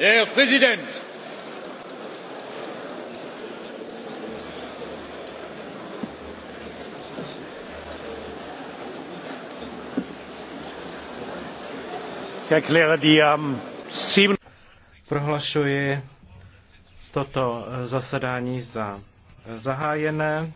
Herr Präsident! Ich erkläre die am Prohlašuji toto eh, zasedání za eh, zahájené.